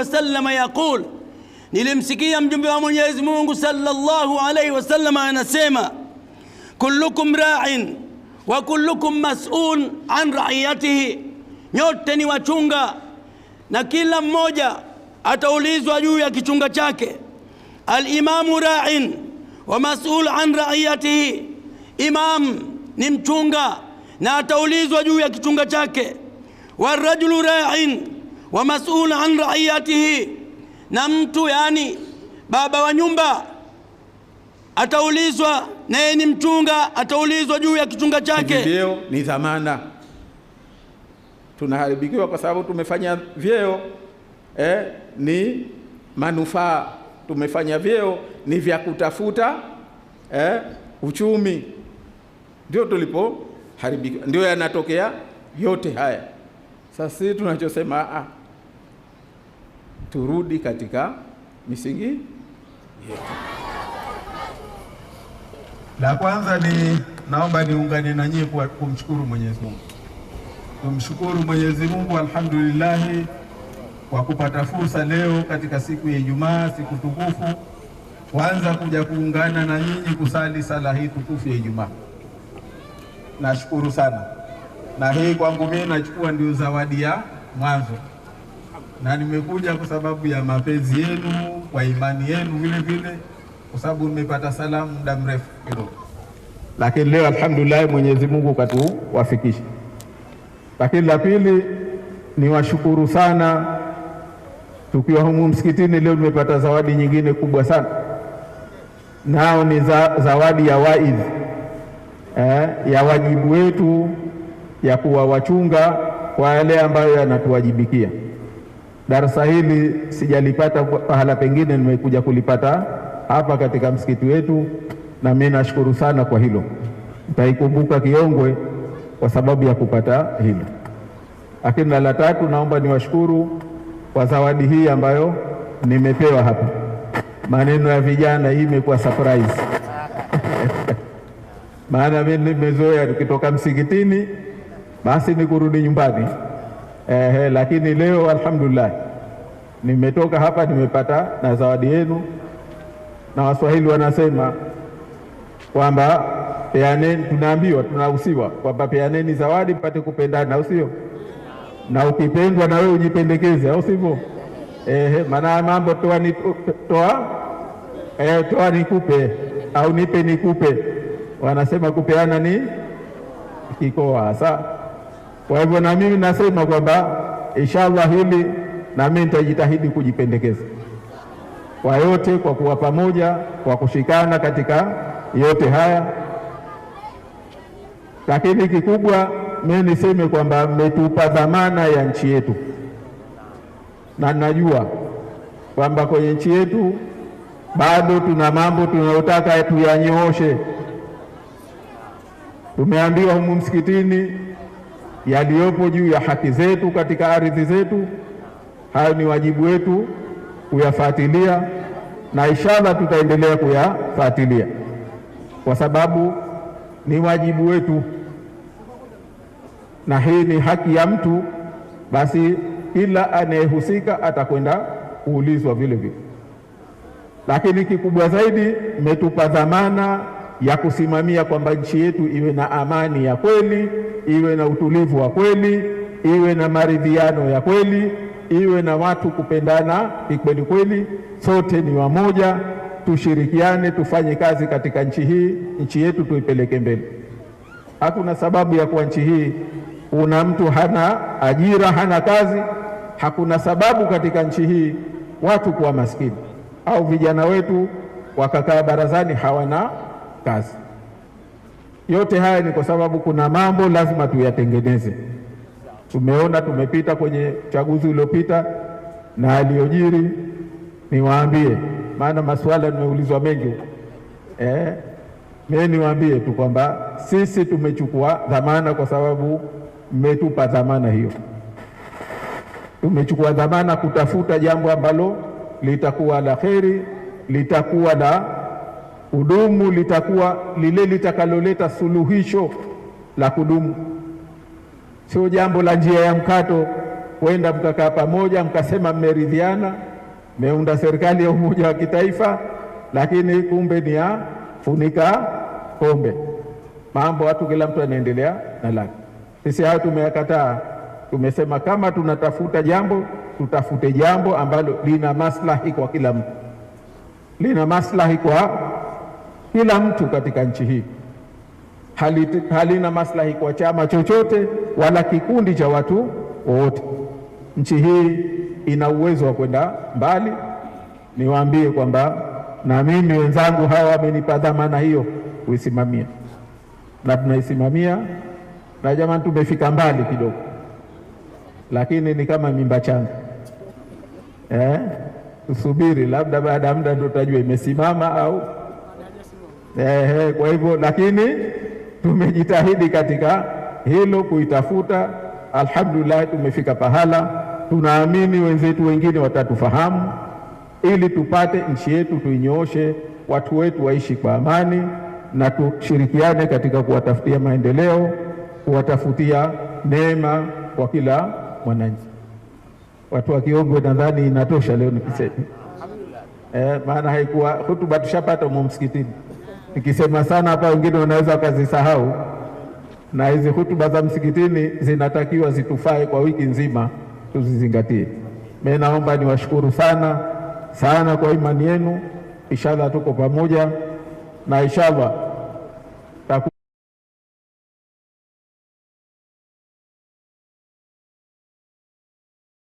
wasallam yaqul, nilimsikia mjumbe wa Mwenyezi Mungu sallallahu alaihi wasallam anasema, kullukum ra'in wa kullukum mas'ul an ra'iyatihi, nyote ni wachunga na kila mmoja ataulizwa juu ya kichunga chake. Alimamu ra'in wa mas'ul an ra'iyatihi, imam ni mchunga na ataulizwa juu ya kichunga chake. Warajulu ra'in wa mas'ul an raiyatihi, na mtu yani baba wa nyumba ataulizwa, naye ni mchunga, ataulizwa juu ya kichunga chake. Vyeo ni dhamana, tunaharibikiwa kwa sababu tumefanya vyeo eh, ni manufaa, tumefanya vyeo ni vya kutafuta eh, uchumi, ndio tulipo ndio yanatokea yote haya. Sasa sisi tunachosema ah, turudi katika misingi yetu. La kwanza ni naomba niungane na nyie kwa kumshukuru Mwenyezi Mungu. Tumshukuru Mwenyezi Mungu, alhamdulillah, kwa kupata fursa leo katika siku ya Ijumaa, siku tukufu, kwanza kuja kuungana na nyinyi kusali sala hii tukufu ya Ijumaa. Nashukuru sana, na hii kwangu mimi nachukua ndio zawadi ya mwanzo na nimekuja kwa sababu ya mapenzi yenu, kwa imani yenu vile vile, kwa sababu nimepata salamu muda mrefu kidogo, lakini leo alhamdulillah Mwenyezi Mungu katuwafikisha. Lakini la pili ni washukuru sana, tukiwa humu msikitini leo nimepata zawadi nyingine kubwa sana, nao ni za, zawadi ya waidhi eh, ya wajibu wetu ya kuwa wachunga kwa yale ambayo yanatuwajibikia. Darasa hili sijalipata pahala pengine, nimekuja kulipata hapa katika msikiti wetu, na mimi nashukuru sana kwa hilo. Nitaikumbuka Kiongwe kwa sababu ya kupata hilo. Lakini na la tatu, naomba niwashukuru kwa zawadi hii ambayo nimepewa hapa. Maneno ya vijana, hii imekuwa surprise maana mimi nimezoea tukitoka msikitini basi nikurudi nyumbani eh, lakini leo alhamdulillah nimetoka hapa nimepata na zawadi yenu, na Waswahili wanasema kwamba peaneni, tunaambiwa tunahusiwa kwamba peaneni zawadi mpate kupendana, au sio? Na ukipendwa na wewe ujipendekeze, au sivyo? Eh, maana mambo toa ni toa, eh, toa nikupe au nipe nikupe, wanasema kupeana ni kikoa hasa kwa hivyo na mimi nasema kwamba inshallah hili na mimi nitajitahidi kujipendekeza kwa yote, kwa kuwa pamoja, kwa kushikana katika yote haya. Lakini kikubwa mimi niseme kwamba mmetupa dhamana ya nchi yetu, na najua kwamba kwenye nchi yetu bado tuna mambo tunayotaka tuyanyooshe. Tumeambiwa humu msikitini yaliyopo juu ya haki zetu katika ardhi zetu. Hayo ni wajibu wetu kuyafuatilia, na inshallah tutaendelea kuyafuatilia kwa sababu ni wajibu wetu na hii ni haki ya mtu. Basi kila anayehusika atakwenda kuulizwa vile vile, lakini kikubwa zaidi, mmetupa dhamana ya kusimamia kwamba nchi yetu iwe na amani ya kweli iwe na utulivu wa kweli, iwe na maridhiano ya kweli, iwe na watu kupendana kikweli kweli. Sote ni wamoja, tushirikiane, tufanye kazi katika nchi hii, nchi yetu tuipeleke mbele. Hakuna sababu ya kuwa nchi hii kuna mtu hana ajira, hana kazi. Hakuna sababu katika nchi hii watu kuwa maskini au vijana wetu wakakaa barazani hawana kazi. Yote haya ni kwa sababu kuna mambo lazima tuyatengeneze. Tumeona tumepita kwenye uchaguzi uliopita na aliyojiri, niwaambie, maana masuala nimeulizwa mengi eh, mimi niwaambie tu kwamba sisi tumechukua dhamana, kwa sababu mmetupa dhamana hiyo. Tumechukua dhamana kutafuta jambo ambalo litakuwa la kheri, litakuwa la kudumu litakuwa lile litakaloleta suluhisho la kudumu, sio jambo la njia ya mkato, kwenda mkakaa pamoja mkasema mmeridhiana, mmeunda serikali ya umoja wa kitaifa, lakini kumbe ni ya funika kombe. Mambo watu, kila mtu anaendelea na lake. Sisi hayo tumeyakataa. Tumesema kama tunatafuta jambo, tutafute jambo ambalo lina maslahi kwa kila mtu, lina maslahi kwa kila mtu katika nchi hii halina halina maslahi kwa chama chochote wala kikundi cha watu wowote. Nchi hii ina uwezo wa kwenda mbali. Niwaambie kwamba na mimi wenzangu hawa wamenipa dhamana hiyo kuisimamia, na tunaisimamia. Na jamani, tumefika mbali kidogo, lakini ni kama mimba changa eh? Subiri, labda baada ya muda ndio utajua imesimama au Ehe, kwa hivyo lakini tumejitahidi katika hilo kuitafuta. Alhamdulillah, tumefika pahala, tunaamini wenzetu wengine watatufahamu, ili tupate nchi yetu tuinyooshe, watu wetu waishi kwa amani, na tushirikiane katika kuwatafutia maendeleo, kuwatafutia neema kwa kila mwananchi. Watu wa Kiongwe, nadhani inatosha leo nikisema eh, maana haikuwa hutuba tushapata mu msikitini. Nikisema sana hapa, wengine wanaweza wakazisahau, na hizi hutuba za msikitini zinatakiwa zitufae kwa wiki nzima, tuzizingatie. Mimi naomba niwashukuru sana sana kwa imani yenu. Inshallah tuko pamoja na inshallah